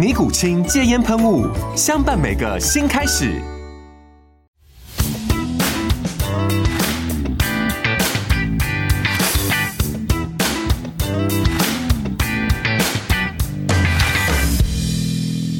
尼古清戒煙噴霧，相伴每個新開始。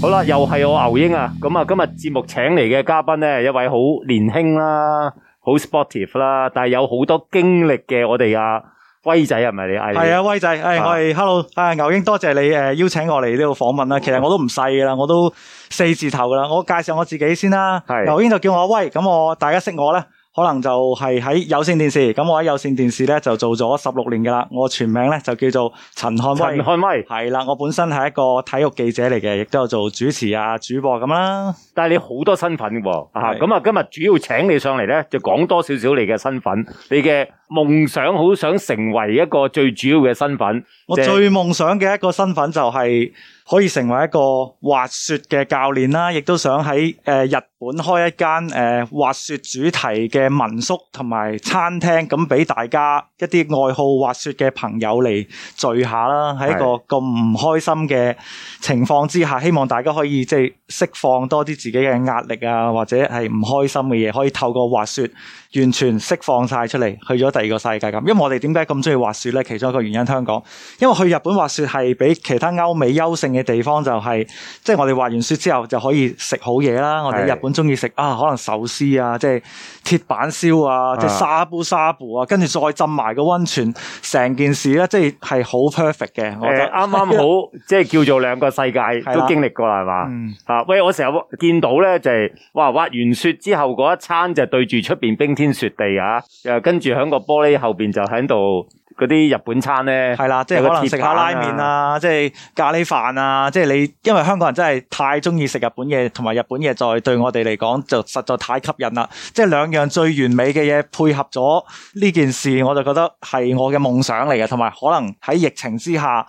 好啦，又係我牛英啊！咁啊，今日節目請嚟嘅嘉賓咧，一位好年輕啦，好 sportive 啦，但係有好多經歷嘅我哋啊。威仔啊，唔係你嗌，係啊，威仔，誒、哎，我係，hello，誒、啊，牛英，多謝你誒、呃、邀請我嚟呢度訪問啦。其實我都唔細噶啦，我都四字頭噶啦。我介紹我自己先啦，牛英就叫我阿威，咁我大家識我啦。可能就係喺有線電視，咁我喺有線電視咧就做咗十六年噶啦。我全名咧就叫做陳漢威，漢威，係啦。我本身係一個體育記者嚟嘅，亦都有做主持啊、主播咁、啊、啦。但係你好多身份嘅、啊、喎，咁啊，今日主要請你上嚟咧，就講多少少你嘅身份，你嘅夢想，好想成為一個最主要嘅身份。就係、我最夢想嘅一個身份就係、係。可以成為一個滑雪嘅教練啦，亦都想喺誒日本開一間誒滑雪主題嘅民宿同埋餐廳，咁俾大家一啲愛好滑雪嘅朋友嚟聚下啦。喺一個咁唔開心嘅情況之下，希望大家可以即係釋放多啲自己嘅壓力啊，或者係唔開心嘅嘢，可以透過滑雪完全釋放晒出嚟，去咗第二個世界咁。因為我哋點解咁中意滑雪咧？其中一個原因香港，因為去日本滑雪係比其他歐美優勝嘅。地方就係、是、即係我哋滑完雪之後就可以食好嘢啦。我哋日本中意食啊，可能壽司啊，即係鐵板燒啊，即係沙布沙布啊，跟住再浸埋個溫泉，成件事咧即係係、欸、好 perfect 嘅。我哋啱啱好即係叫做兩個世界都經歷過啦，係嘛、嗯啊？喂，我成日見到咧就係、是、哇滑完雪之後嗰一餐就對住出面冰天雪地啊，又跟住喺個玻璃後面，就喺度。嗰啲日本餐咧，係啦，即係、啊、可能食下拉麵啊，即係咖喱飯啊，即係你，因為香港人真係太中意食日本嘢，同埋日本嘢在對我哋嚟講就實在太吸引啦。即係兩樣最完美嘅嘢配合咗呢件事，我就覺得係我嘅夢想嚟嘅，同埋可能喺疫情之下。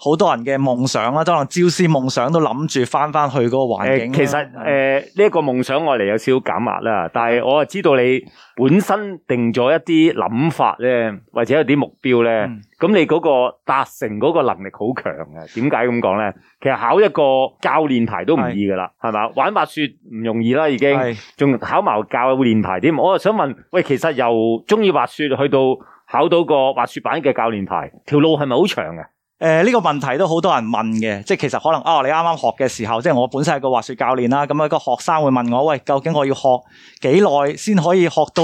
好多人嘅夢想啦，都可能朝思夢想都諗住翻翻去嗰個環境。其實誒，呢、呃、一、這個夢想我嚟有少少減壓啦。但係我啊知道你本身定咗一啲諗法咧，或者有啲目標咧，咁、嗯、你嗰個達成嗰個能力好強嘅。點解咁講咧？其實考一個教練牌都唔易噶啦，係嘛玩滑雪唔容易啦，已經仲考埋教練牌添？我就想問，喂，其實由中意滑雪去到考到個滑雪板嘅教練牌，條路係咪好長嘅？誒、呃，呢、這個問題都好多人問嘅，即係其實可能，啊、哦、你啱啱學嘅時候，即係我本身係個滑雪教練啦，咁啊個學生會問我，喂，究竟我要學幾耐先可以學到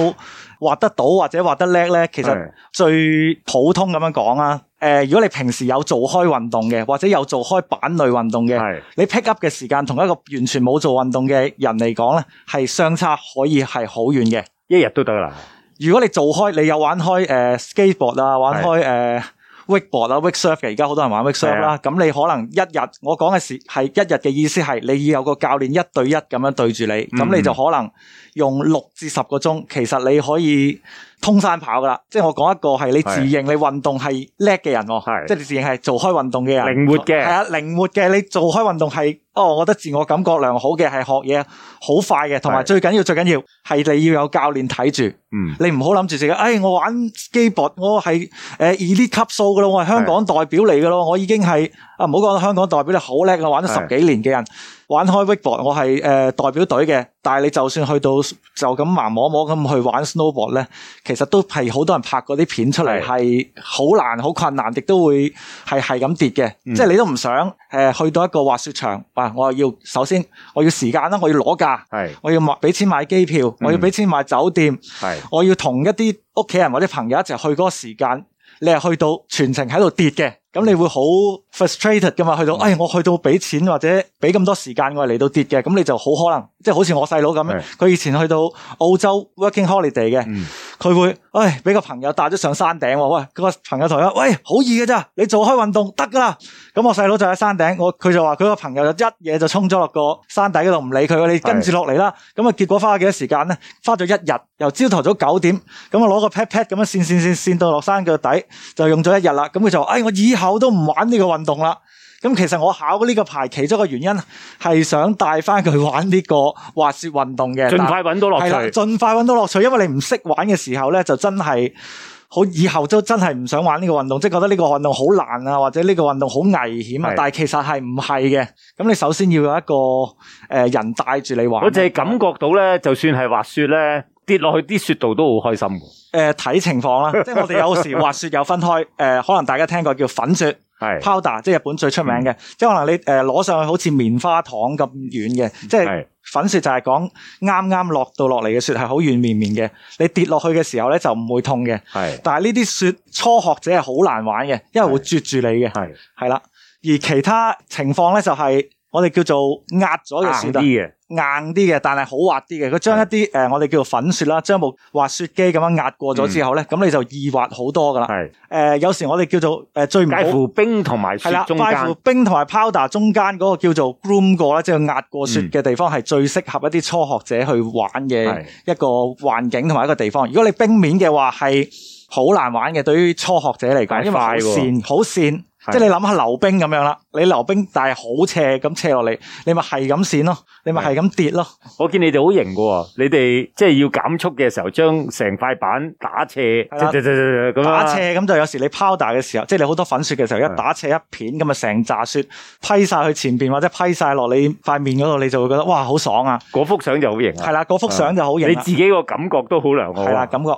滑得到或者滑得叻咧？其實最普通咁樣講啊，誒、呃，如果你平時有做開運動嘅，或者有做開板類運動嘅，你 pick up 嘅時間，同一個完全冇做運動嘅人嚟講咧，係相差可以係好遠嘅，一日都得啦。如果你做開，你有玩開誒、呃、skateboard 啊，玩開誒。Workboard 啊 Worksurf 嘅，而家好多人玩 Worksurf 啦。咁你可能一日，我講嘅事係一日嘅意思係，你要有個教練一對一咁樣對住你，咁、mm. 你就可能用六至十個鐘，其實你可以。通山跑噶啦，即係我講一個係你自認你運動係叻嘅人哦，即係自認係做開運動嘅人，靈活嘅係啊，靈活嘅你做開運動係哦，我覺得自我感覺良好嘅係學嘢好快嘅，同埋最緊要最緊要係你要有教練睇住，嗯，你唔好諗住自己，誒，哎，我玩 skateboard 我係誒二 D 級數噶咯，我係香港代表嚟噶咯，我已經係啊，唔好講香港代表，你好叻啊，玩咗十幾年嘅人。玩開 wakeboard 我係、呃、代表隊嘅，但係你就算去到就咁盲摸摸咁去玩 snowboard 咧，其實都係好多人拍嗰啲片出嚟，係好難、好困難，亦都會係係咁跌嘅、嗯。即係你都唔想誒、呃、去到一個滑雪場，呃、我又要首先我要時間啦，我要攞假，我要買俾錢買機票，嗯、我要俾錢買酒店，我要同一啲屋企人或者朋友一齊去嗰個時間。你係去到全程喺度跌嘅，咁你會好 frustrated 噶嘛？去到，哎，我去到俾錢或者俾咁多時間我嚟到跌嘅，咁你就好可能即係、就是、好似我細佬咁樣，佢以前去到澳洲 working holiday 嘅。嗯佢會，誒，俾個朋友帶咗上山頂，喂，佢、那個朋友同佢話，喂，好易嘅咋，你做開運動得噶啦。咁我細佬就喺山頂，我佢就話佢個朋友就一嘢就衝咗落個山底嗰度，唔理佢，你跟住落嚟啦。咁啊，結果花咗幾多時間咧？花咗一日，由朝頭早九點，咁啊攞個 pat pat 咁樣扇扇扇扇到落山腳底，就用咗一日啦。咁佢就話，唉，我以後都唔玩呢個運動啦。咁其實我考呢個牌，其中一個原因係想帶翻佢玩呢個滑雪運動嘅，盡快搵到樂趣。係啦，盡快搵到樂趣！因為你唔識玩嘅時候咧，就真係好，以後都真係唔想玩呢個運動，即、就、係、是、覺得呢個運動好難啊，或者呢個運動好危險啊。但係其實係唔係嘅。咁你首先要有一個誒、呃、人帶住你玩。我淨係感覺到咧，就算係滑雪咧，跌落去啲雪度都好開心誒、呃，睇情況啦， 即係我哋有時滑雪有分開。誒、呃，可能大家聽過叫粉雪。係 powder，即係日本最出名嘅、嗯，即係可能你誒攞、呃、上去好似棉花糖咁軟嘅，即係粉雪就係講啱啱落到落嚟嘅雪係好軟綿綿嘅，你跌落去嘅時候咧就唔會痛嘅。係，但係呢啲雪初學者係好難玩嘅，因為會啜住你嘅。係，係啦，而其他情況咧就係、是。我哋叫做壓咗嘅雪，硬啲嘅，硬啲嘅，但係好滑啲嘅。佢將一啲誒、呃，我哋叫做粉雪啦，將部滑雪機咁樣壓過咗之後咧，咁、嗯、你就易滑好多噶啦。係誒、呃，有時我哋叫做誒、呃，最唔好介乎冰同埋雪，啦，介乎冰同埋 powder 中間嗰個叫做 groom 過啦，即係壓過雪嘅地方，係、嗯、最適合一啲初學者去玩嘅一個環境同埋一個地方。如果你冰面嘅話，係好難玩嘅，對於初學者嚟講，因為好跣、啊，好跣是即係你諗下溜冰咁樣啦，你溜冰但係好斜咁斜落嚟，你咪係咁閃咯，你咪係咁跌咯。我見你哋好型喎，你哋即係要減速嘅時候，將成塊板打斜，咁打斜咁就是、有時你拋大嘅時候，即、就、係、是、你好多粉雪嘅時候，一打斜一片咁啊，成紮雪批晒去前邊或者批晒落你塊面嗰度，你就會覺得哇好爽啊！嗰幅相就好型係係啦，嗰幅相就好型。你自己個感覺都好良好。係啦感覺。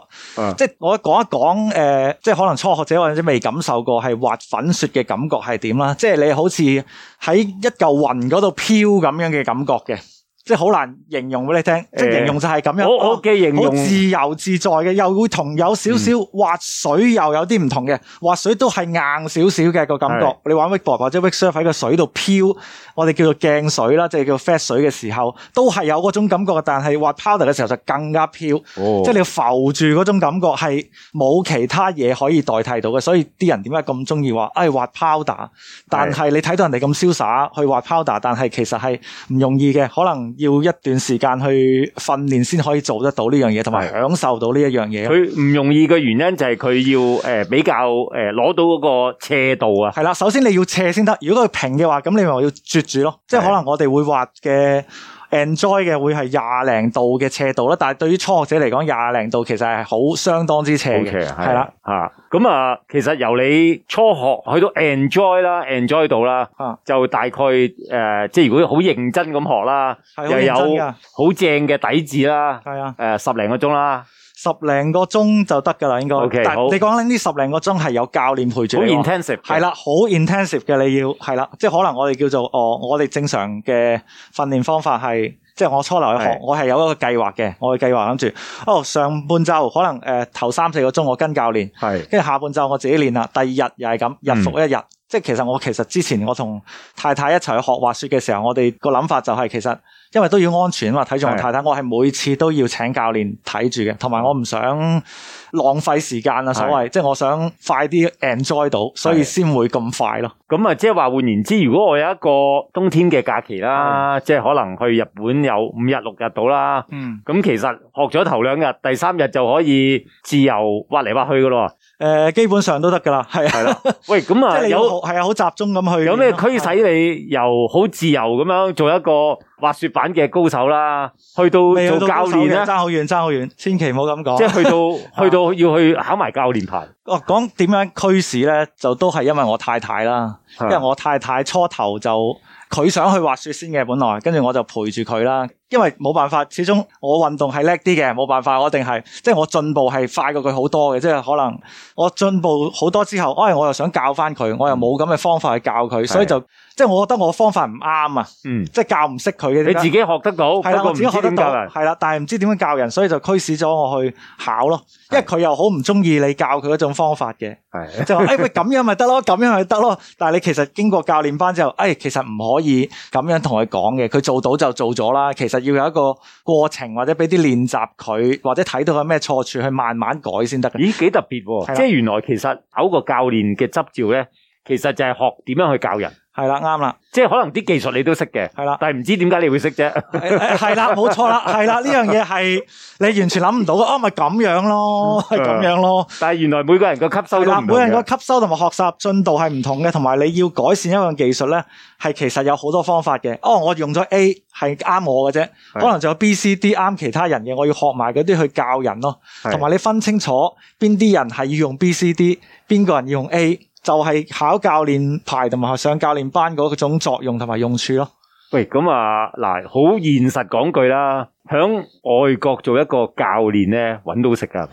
即係我講一講誒，即係、呃、可能初學者或者未感受過係滑粉雪。嘅感覺，係點啦？即係你好似喺一舊雲嗰度飄咁樣嘅感覺嘅。即係好難形容俾你聽，即係形容就係咁樣，我嘅形容，自由自在嘅，哦 okay，又會同有少少滑水又有啲唔同嘅。嗯、滑水都係硬少少嘅，個感覺，你玩 wakeboard 或者 wake surf 喺個水度飄，我哋叫做鏡水啦，即係叫 flat 水嘅時候，都係有嗰種感覺，但係滑 powder 嘅時候就更加飄，哦、即係你要浮住嗰種感覺係冇其他嘢可以代替到嘅。所以啲人點解咁中意話誒滑 powder？但係你睇到人哋咁瀟灑去滑 powder，但係其實係唔容易嘅，可能。要一段時間去訓練先可以做得到呢樣嘢，同埋享受到呢一樣嘢。佢唔容易嘅原因就係佢要誒、呃，比較誒、攞、呃、到嗰個斜度啊。係啦，首先你要斜先得。如果佢平嘅話，咁你咪要啜住咯。即係可能我哋會滑嘅。enjoy 嘅會係廿零度嘅斜度啦，但係對於初學者嚟講，廿零度其實係好相當之斜嘅，係啦吓。咁啊、嗯，其實由你初學去到 enjoy 啦，enjoy 到啦、嗯，就大概誒、呃，即係如果好認真咁學啦，又有好正嘅底子啦，誒、嗯，十零個鐘啦。十零個鐘就得噶啦，應該、okay。但係你講緊呢十零個鐘係有教練陪住，好 intensive，係啦，好 intensive 嘅你要，係啦，即係可能我哋叫做我、哦，我哋正常嘅訓練方法係，即係我初留去學，我係有一個計劃嘅，我嘅計劃諗住，哦，上半晝可能誒、呃、頭三四個鐘我跟教練，係，跟住下半晝我自己練啦，第二日又係咁，日復一日，嗯、即係其實我其實之前我同太太一齊去學滑雪嘅時候，我哋個諗法就係、是、其實。因為都要安全啊嘛，睇住我太太，我係每次都要請教練睇住嘅，同埋我唔想浪費時間啊，所謂，是即係我想快啲 enjoy 到，所以先會咁快咯。咁啊，即係話換言之，如果我有一個冬天嘅假期啦，即係可能去日本有五日六日到啦，咁、嗯、其實學咗頭兩日，第三日就可以自由滑嚟滑去噶咯。誒，基本上都得噶啦，係係啦。喂，咁 啊，即係有係啊，好集中咁去。有咩可以使你由好自由咁樣做一個滑雪板嘅高手啦？去到做教練啊？差好遠，差好遠，千祈唔好咁講。即係去到 去到要去考埋教練牌，啊。哦，講點樣驅使咧，就都係因為我太太啦，因為我太太初頭就佢想去滑雪先嘅，本來，跟住我就陪住佢啦。因為冇辦法，始終我運動係叻啲嘅，冇辦法我定係、即係，即係我進步係快過佢好多嘅，即係可能我進步好多之後，哎，我又想教翻佢，我又冇咁嘅方法去教佢，嗯、所以就即係我覺得我方法唔啱啊，嗯、即係教唔識佢，嘅。你自己學得到，係啦，我自己學得到，係啦，但係唔知點樣教人，所以就驅使咗我去考咯，因為佢又好唔中意你教佢嗰種方法嘅，係就話， 哎喂，咁樣咪得咯，咁樣咪得咯，但係你其實經過教練班之後，哎，其實唔可以咁樣同佢講嘅，佢做到就做咗啦，其實。要有一個過程，或者俾啲練習佢，或者睇到有咩錯處，去慢慢改先得。咦，幾特別喎！即係原來其實考個教練嘅執照咧，其實就係學點樣去教人。係啦，啱啦，即係可能啲技術你都識嘅，係啦，但係唔知點解你會識啫？係啦，冇錯啦，係啦，呢樣嘢係你完全諗唔到，哦、啊，咪咁樣咯，係咁樣咯。嗯嗯、但係原來每個人個吸收係啦，每個人個吸收同埋學習進度係唔同嘅，同埋你要改善一樣技術咧，係其實有好多方法嘅。哦，我用咗 A 係啱我嘅啫，可能仲有 B、C、D 啱其他人嘅，我要學埋嗰啲去教人咯。同埋你分清楚邊啲人係要用 B、C、D，邊個人要用 A。就係考教練牌同埋上教練班嗰種作用同埋用處咯。喂，咁啊，嗱，好現實講句啦，響外國做一個教練咧，揾到食㗎。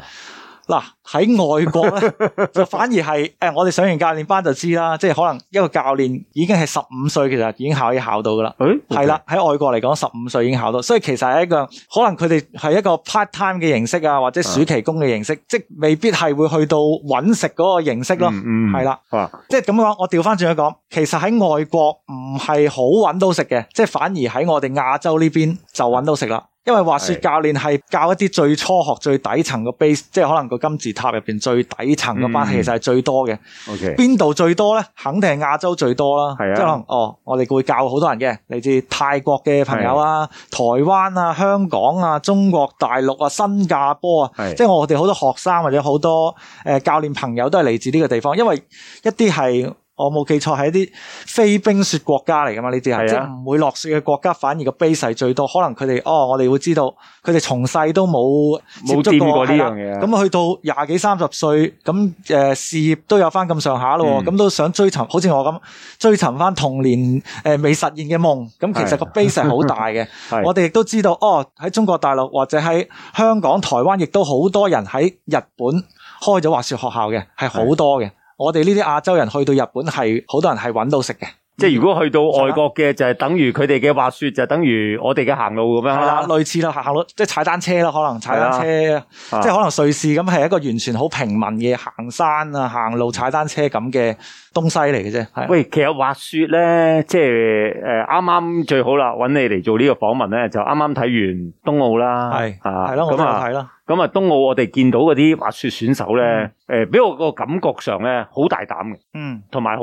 嗱、啊、喺外國咧，就反而係誒、 呃，我哋上完教練班就知啦，即係可能一個教練已經係十五歲，其實已經可以考到噶啦。誒、欸，係、okay. 啦，喺外國嚟講，十五歲已經考到，所以其實係一個可能佢哋係一個 part time 嘅形式啊，或者暑期工嘅形式、啊，即未必係會去到揾食嗰個形式咯。嗯嗯，係啦、啊，即係咁樣講，我調翻轉去講，其實喺外國唔係好揾到食嘅，即係反而喺我哋亞洲呢邊就揾到食啦。因為滑雪教練係教一啲最初學最底層嘅，base，即係可能個金字塔入邊最底層嘅班，其實係最多嘅。嗯、okay. 邊度最多咧？肯定係亞洲最多啦。即係可能哦，我哋會教好多人嘅，嚟自泰國嘅朋友啊，台灣啊，香港啊，中國大陸啊，新加坡啊，即係我哋好多學生或者好多誒、呃、教練朋友都係嚟自呢個地方，因為一啲係。我冇記錯，係一啲非冰雪國家嚟噶嘛？呢啲啊，即係唔會落雪嘅國家，反而個 base 最多。可能佢哋哦，我哋會知道佢哋從細都冇冇掂過呢樣嘢。咁去、啊、到廿幾三十歲，咁誒、呃、事業都有翻咁上下咯。咁、嗯、都想追尋，好似我咁追尋翻童年誒、呃、未實現嘅夢。咁其實個 base 好大嘅。我哋亦都知道，哦喺中國大陸或者喺香港、台灣，亦都好多人喺日本開咗滑雪學校嘅，係好多嘅。我哋呢啲亞洲人去到日本係好多人係揾到食嘅，即係如果去到外國嘅就係等於佢哋嘅滑雪就等於我哋嘅行路咁樣啦，類似啦行路，即係踩單車啦，可能踩單車，即係可能瑞士咁係一個完全好平民嘅行山啊、行路、踩單車咁嘅東西嚟嘅啫。喂，其實滑雪咧，即係誒啱啱最好啦，揾你嚟做呢個訪問咧，就啱啱睇完冬奧啦，係係咯，咁再睇啦。咁啊，冬奧我哋見到嗰啲滑雪選手咧，誒，俾我個感覺上咧，好大膽嘅，嗯，同埋好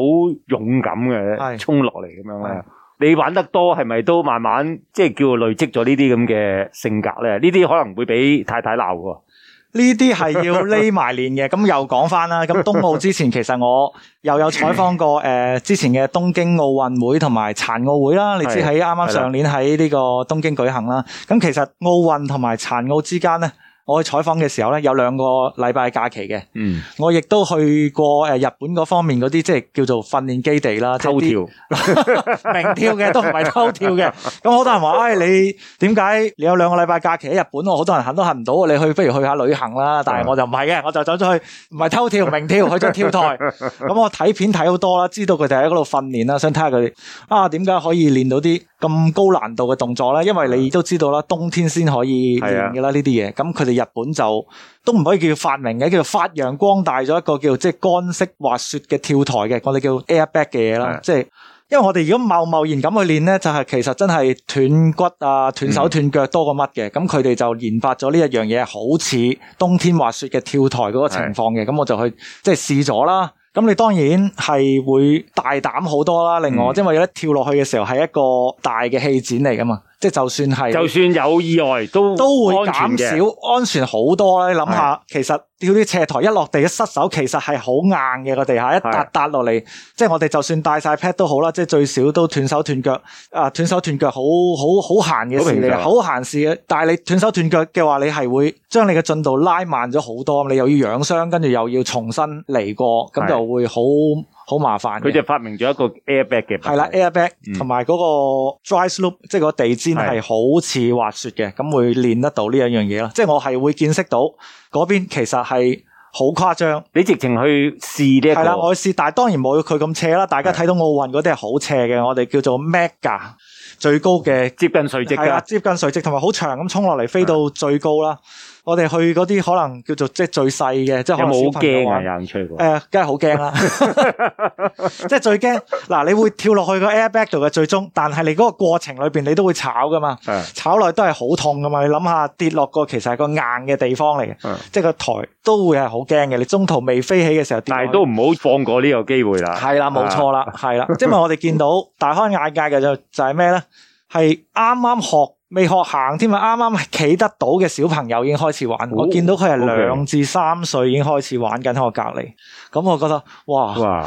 勇敢嘅，衝落嚟，咁樣咧。你玩得多係咪都慢慢即係叫累積咗呢啲咁嘅性格咧？呢啲可能會俾太太鬧噶。呢啲係要匿埋練嘅。咁又講翻啦。咁冬奧之前其實我又有採訪過誒，之前嘅東京奧運會同埋殘奧會啦，你知喺啱啱上年喺呢個東京舉行啦。咁其實奧運同埋殘奧之間咧，我去採訪嘅時候咧，有兩個禮拜假期嘅。嗯，我亦都去過日本嗰方面嗰啲，即係叫做訓練基地啦，偷跳、明跳嘅都唔係偷跳嘅。咁好多人話：誒你點解你有兩個禮拜假期喺日本？我好多人行都行唔到，你去不如去下旅行啦。但係我就唔係嘅，我就走咗去，唔係偷跳明跳，去咗跳台。咁 我睇片睇好多啦，知道佢哋喺嗰度訓練啦，想睇下佢哋啊點解可以練到啲咁高難度嘅動作啦。因為你都知道啦，冬天先可以練嘅啦呢啲嘢。咁佢哋。日本就都唔可以叫發明嘅，叫做發揚光大咗一個叫即係乾式滑雪嘅跳台嘅，我哋叫 Airbag 嘅嘢啦。即係因為我哋如果貿貿然咁去練咧，就係、是、其實真係斷骨啊、斷手斷腳多過乜嘅。咁佢哋就研發咗呢一樣嘢，好似冬天滑雪嘅跳台嗰個情況嘅。咁我就去即係、就是、試咗啦。咁你當然係會大膽好多啦。另外，嗯、因為一跳落去嘅時候係一個大嘅氣墊嚟噶嘛。即係就算係，就算有意外都都會減少安全好多，你諗下，其實跳啲斜台一落地一失手，其實係好硬嘅個地下，一笪笪落嚟。即係我哋就算戴晒 pad 都好啦，即係最少都斷手斷腳啊！斷手斷腳好好好閒嘅事嚟，好閒事嘅。但係你斷手斷腳嘅話，你係會將你嘅進度拉慢咗好多。你又要養傷，跟住又要重新嚟過，咁就會好。好麻煩，佢就發明咗一個 airbag 嘅，係啦，airbag 同埋嗰個 dry slope，即係個地氈係好似滑雪嘅，咁會練得到呢兩樣嘢啦。即係我係會見識到嗰邊其實係好誇張。你直情去試呢一個？係啦，我去試，但係當然冇佢咁斜啦。大家睇到奧運嗰啲係好斜嘅，我哋叫做 mega 最高嘅接近垂直係啦，接近垂直同埋好長咁衝落嚟飛到最高啦。我哋去嗰啲可能叫做即係最細嘅，即係可能有冇驚啊？有冇吹過？誒，梗係好驚啦！ 即係最驚嗱，你會跳落去個 airbag 度嘅最終，但係你嗰個過程裏邊你都會炒噶嘛，炒落都係好痛噶嘛。你諗下跌落個其實係個硬嘅地方嚟嘅， 即係個台都會係好驚嘅。你中途未飛起嘅時候跌去，但係都唔好放過呢個機會啦。係、啊、啦，冇錯啦，係啦， 即係我哋見到大開眼界嘅就係、就係咩咧？係啱啱學。未學行添啊！啱啱企得到嘅小朋友已經開始玩，oh, 我見到佢係兩至三歲已經開始玩緊喺我隔離咁、okay. 我覺得哇，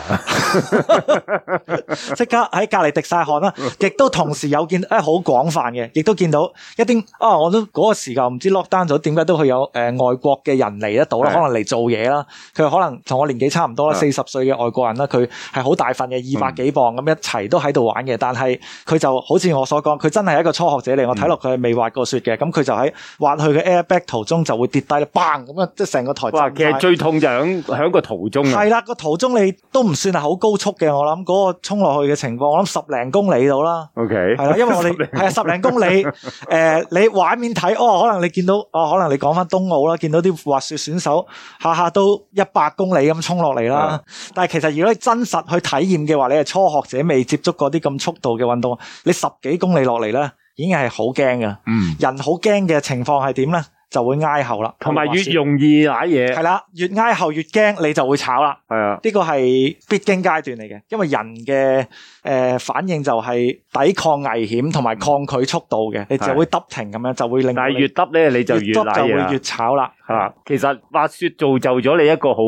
即 刻喺隔籬滴晒汗啦！ 亦都同時有見誒，好、哎、廣泛嘅，亦都見到一啲啊，我都嗰、嗰個時候唔知 lock down 咗，點解都會有誒、呃、外國嘅人嚟得到啦？Yeah. 可能嚟做嘢啦，佢可能同我年紀差唔多啦，四十歲嘅外國人啦，佢係好大份嘅，二百幾磅咁、mm. 一齊都喺度玩嘅，但係佢就好似我所講，佢真係一個初學者嚟，我、mm. 睇佢係未滑過雪嘅，咁佢就喺滑去嘅 airbag 途中就會跌低啦，bang 咁啊！即係成個台。哇！其實最痛就響響個途中啊。係啦，個途中你都唔算係好高速嘅，我諗嗰個衝落去嘅情況，我諗十零公里度啦。OK，係啦，因為我哋係十零公里。誒，你畫面睇，哦，可能你見到，哦，可能你講翻冬奧啦，見到啲滑雪選手下下都一百公里咁衝落嚟啦。但係其實如果你真實去體驗嘅話，你係初學者未接觸過啲咁速度嘅運動，你十幾公里落嚟咧。已經係好驚噶，人好驚嘅情況係點咧？就會挨後啦，同埋越容易瀨嘢，係啦，越挨後越驚，你就會炒啦。係啊，呢、呢個係必經階段嚟嘅，因為人嘅、呃、反應就係抵抗危險同埋抗拒速度嘅，你就會揼停咁樣，就會令但係越揼咧你就越揼，越揼就會越炒啦，嚇！其實滑雪造就咗你一個好，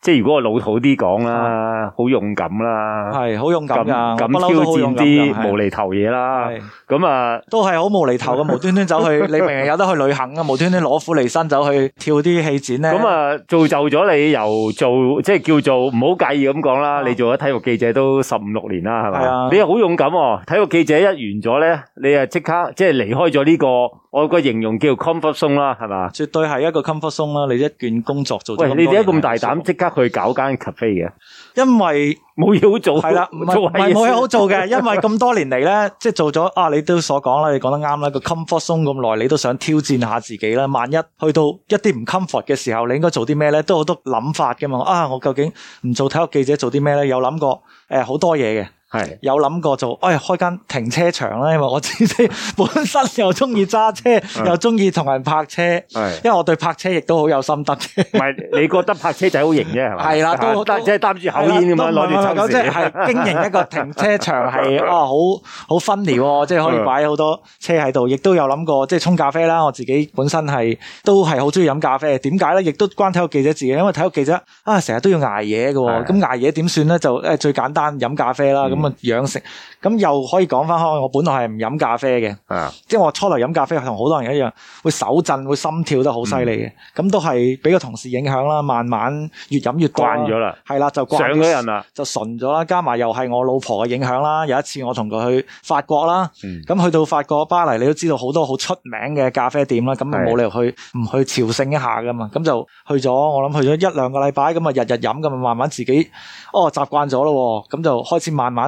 即係如果我老土啲講啦，好勇敢啦，係好勇敢咁敢挑戰啲無厘頭嘢啦。咁啊，都係好無厘頭嘅，無端端走去， 你明明有得去旅行嘅，無端端。攞苦嚟辛走去跳啲戲展咧，咁啊造就咗你，由做即係叫做唔好介意咁講啦，你做咗體育記者都十五六年啦，係嘛？你又好勇敢哦！體育記者一完咗咧，你啊即刻即係離開咗呢個，我個形容叫 comfort zone 啦，係嘛？絕對係一個 comfort zone 啦！你一段工作做咗咁多，你點解咁大膽即刻去搞間 cafe 嘅？因為冇嘢好做係啦，唔係冇嘢好做嘅，因為咁多年嚟咧， 即係做咗啊，你都所講啦，你講得啱啦，個 comfort zone 咁耐，你都想挑戰下自己啦。萬一去到一啲唔 comfort 嘅時候，你應該做啲咩咧？都好多諗法嘅嘛。啊，我究竟唔做體育記者做啲咩咧？有諗過誒，好多嘢嘅。係有諗過做，哎，開間停車場啦，因為我自己本身又中意揸車，又中意同人泊車，係，因為我對泊車亦都好有心得嘅。唔係，你覺得泊車仔好型啫，係嘛？係啦，都，好係即係擔住口煙咁樣攞住即匙，係、即係、經營一個停車場，係 啊、哦，好好分喎、哦，即係可以擺好多車喺度，亦都有諗過即係沖咖啡啦。我自己本身係都係好中意飲咖啡，點解咧？亦都關體育記者自己，因為體育記者啊，成日都要捱夜嘅，咁捱夜點算咧？就誒最簡單飲咖啡啦。咁啊，養成咁又可以講翻開。我本來係唔飲咖啡嘅，即、啊、係、就是、我初嚟飲咖啡，係同好多人一樣，會手震，會心跳得好犀利嘅。咁、嗯、都係俾個同事影響啦，慢慢越飲越慣咗啦。係啦，就慣上咗人啦，就純咗啦。加埋又係我老婆嘅影響啦。有一次我同佢去法國啦，咁、嗯、去到法國巴黎，你都知道好多好出名嘅咖啡店啦。咁冇理由去唔去朝聖一下噶嘛？咁就去咗，我諗去咗一兩個禮拜，咁啊日日飲，咁啊慢慢自己哦習慣咗咯，咁就開始慢慢。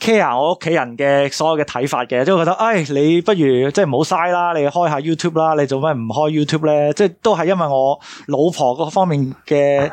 care 我屋企人嘅所有嘅睇法嘅，即係覺得，哎，你不如即係唔好嘥啦，你開下 YouTube 啦，你做咩唔開 YouTube 咧？即係都係因為我老婆嗰方面嘅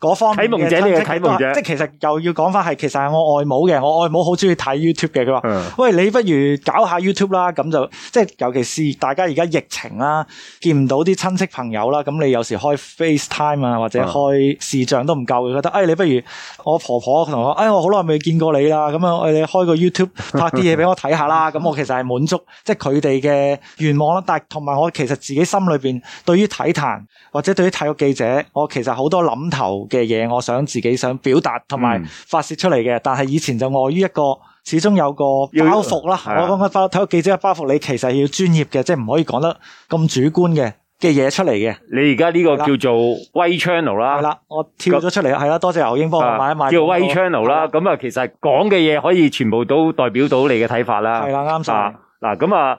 嗰 方面嘅親戚，即係其實又要講翻係，其實係我外母嘅，我外母好中意睇 YouTube 嘅，佢話，喂，你不如搞下 YouTube 啦，咁就即係尤其是大家而家疫情啦，見唔到啲親戚朋友啦，咁你有時開 FaceTime 啊或者開視像都唔夠，覺得，哎，你不如我婆婆同我，哎，我好耐未見過你啦，咁樣。你開個 YouTube 拍啲嘢俾我睇下啦，咁 我其實係滿足即係佢哋嘅願望啦。但係同埋我其實自己心裏邊對於體壇或者對於體育記者，我其實好多諗頭嘅嘢，我想自己想表達同埋發泄出嚟嘅、嗯。但係以前就礙於一個，始終有個包袱啦、啊。我講緊體育記者嘅包袱，你其實要專業嘅，即係唔可以講得咁主觀嘅。嘅嘢出嚟嘅，你而家呢個叫做威 channel 啦，係啦，我跳咗出嚟係係啦，多謝牛英幫我買一買，叫做威 channel 啦，咁啊，其實講嘅嘢可以全部都代表到你嘅睇法啦，係啦，啱晒，嗱咁啊。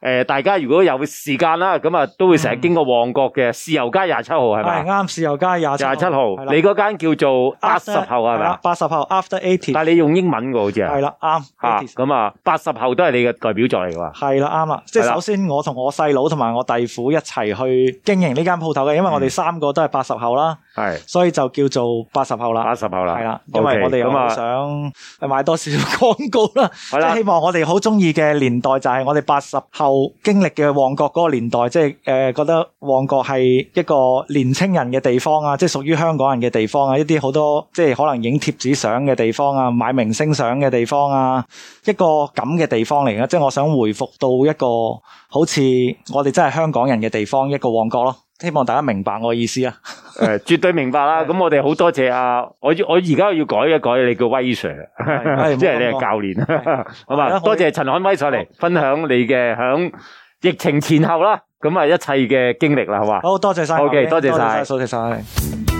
誒，大家如果有時間啦，咁啊都會成日經過旺角嘅豉油街廿七號係咪？啱，豉油街廿廿七號，號號你嗰間叫做八十後係咪？八十後 After Eighty，但係你用英文嘅好似係。係啦，啱。咁啊，八十後都係你嘅代表作嚟嘅嘛。係啦，啱啦。即、就、係、是、首先我同我細佬同埋我弟婦一齊去經營呢間鋪頭嘅，因為我哋三個都係八十後啦。係，所以就叫做八十後啦，八十後啦，係啦，okay，因為我哋又好想買多少廣告啦，即係、就是、希望我哋好中意嘅年代就係我哋八十後經歷嘅旺角嗰個年代，即係誒覺得旺角係一個年青人嘅地方啊，即、就、係、是、屬於香港人嘅地方啊，一啲好多即係、就是、可能影貼紙相嘅地方啊，買明星相嘅地方啊，一個咁嘅地方嚟嘅，即、就、係、是、我想回復到一個好似我哋真係香港人嘅地方，一個旺角咯。希望大家明白我嘅意思啊、哎！誒，絕對明白啦。咁 我哋好多謝啊，我要我而家要改一改，你叫威 Sir，即 係 你係教練。好嘛，多謝陳漢威上嚟分享你嘅響疫情前後啦，咁啊一切嘅經歷啦，好嘛？好多謝晒，OK，多謝晒，多謝晒。